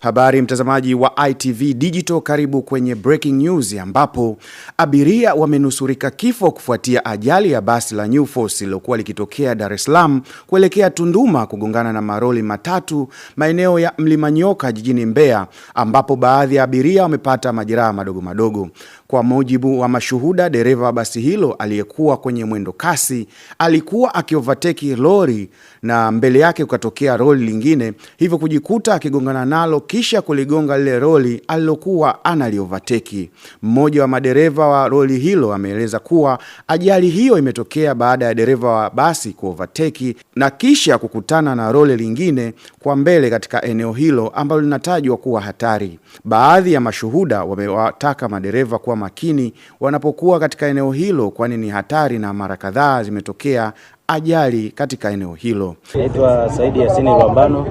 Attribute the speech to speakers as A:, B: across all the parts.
A: Habari mtazamaji wa ITV Digital, karibu kwenye breaking news, ambapo abiria wamenusurika kifo kufuatia ajali ya basi la New Force lilokuwa likitokea Dar es Salaam kuelekea Tunduma kugongana na maroli matatu maeneo ya Mlima Nyoka jijini Mbeya, ambapo baadhi ya abiria wamepata majeraha madogo madogo. Kwa mujibu wa mashuhuda, dereva wa basi hilo aliyekuwa kwenye mwendo kasi alikuwa akiovateki lori na mbele yake kukatokea roli lingine, hivyo kujikuta akigongana nalo kisha kuligonga lile roli alilokuwa analiovateki. Mmoja wa madereva wa roli hilo ameeleza kuwa ajali hiyo imetokea baada ya dereva wa basi kuovateki na kisha kukutana na roli lingine kwa mbele katika eneo hilo ambalo linatajwa kuwa hatari. Baadhi ya mashuhuda wamewataka madereva kuwa makini wanapokuwa katika eneo hilo, kwani ni hatari na mara kadhaa zimetokea ajali katika eneo hilo.
B: Naitwa Saidi Yasini Lwambano,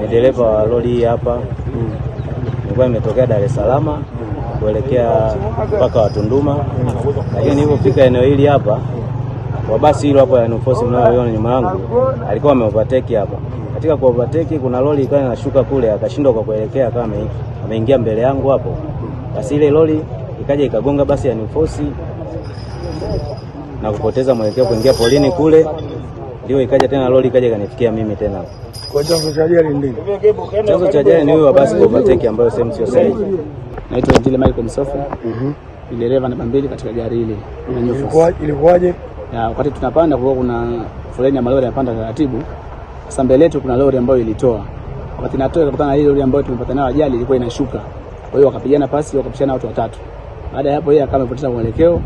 B: ni dereva wa lori hii hapa, nilikuwa nimetokea Dar es Salaam kuelekea mpaka wa Tunduma, lakini nilipofika eneo hili hapa kwa basi hilo hapo yanfosi mnayoiona nyuma yangu alikuwa ameovertake hapa. Katika kuovertake kuna lori ikawa inashuka kule, akashindwa kwa kuelekea, akawa ameingia mbele yangu hapo, basi ile lori ikaja ikagonga basi ya na kupoteza mwelekeo kuingia polini kule, ndio ikaja tena lori ikaja ikanifikia mimi tena. Kwa chanzo cha ajali ni huyo wa basi overtake, ambayo sehemu sio sahihi. Naitwa Injili Michael Msofe, mhm. ni dereva namba mbili katika gari hili. Ilikuwaje? Wakati tunapanda kulikuwa kuna foleni ya malori yanapanda taratibu. Sasa mbele yetu kuna lori ambayo ilitoa, wakati natoa ikakutana na ile lori ambayo tumepata nayo ajali, ilikuwa inashuka. Kwa hiyo wakapigana pasi, wakapishana watu watatu. Baada ya hapo, yeye akawa amepoteza mwelekeo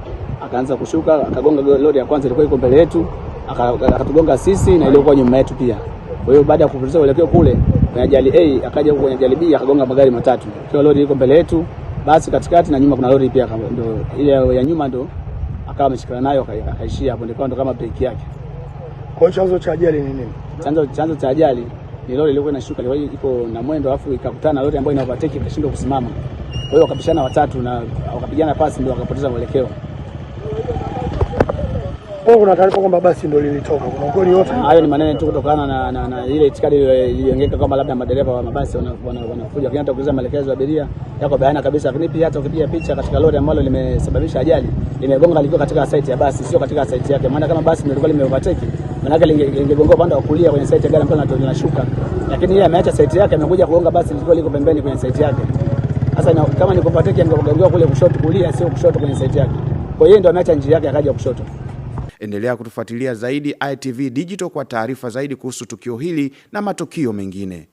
B: akaanza kushuka, akagonga lori ya kwanza ilikuwa iko mbele yetu, akatugonga sisi na iliyokuwa nyuma yetu pia. Kwa hiyo baada ya kupoteza uelekeo kule kwenye ajali A, akaja huko kwenye ajali B, akagonga magari matatu, Kwa lori iko mbele yetu, basi katikati na nyuma kuna lori pia, ndio ile ya nyuma ndio akawa ameshikana nayo, akaishia hapo, ndio ndo kama breki yake.
C: Kwa chanzo cha ajali ni nini?
B: Chanzo chanzo cha ajali ni lori ilikuwa inashuka, ilikuwa iko na mwendo, afu ikakutana na lori ambayo ina overtake, ikashindwa kusimama. Kwa hiyo wakapishana watatu na wakapigana pasi, ndio wakapoteza mwelekeo.
C: Wewe kuna taarifa kwamba basi ndio lilitoka, kuna
B: ukweli wote? Ah, hayo ni maneno tu kutokana na, na, na ile itikadi iliyoongeka kwamba labda madereva wa mabasi wanakuja kinyata kuuliza maelekezo ya abiria yako bayana kabisa, lakini pia hata ukipiga picha katika lori ambalo limesababisha ajali limegonga likiwa katika site ya basi, sio katika site yake, maana kama basi lilikuwa limeovertake manake lingegonga upande wa kulia kwenye site ya gari ambalo linashuka, lakini yeye ameacha site yake, amekuja kugonga basi lilikuwa liko pembeni kwenye site yake. Sasa kama ni kuovertake, angegonga kule kushoto kulia, sio kushoto kwenye site yake. Kwa hiyo ndio ameacha njia yake akaja kushoto.
A: Endelea kutufuatilia zaidi ITV Digital kwa taarifa zaidi kuhusu tukio hili na matukio mengine.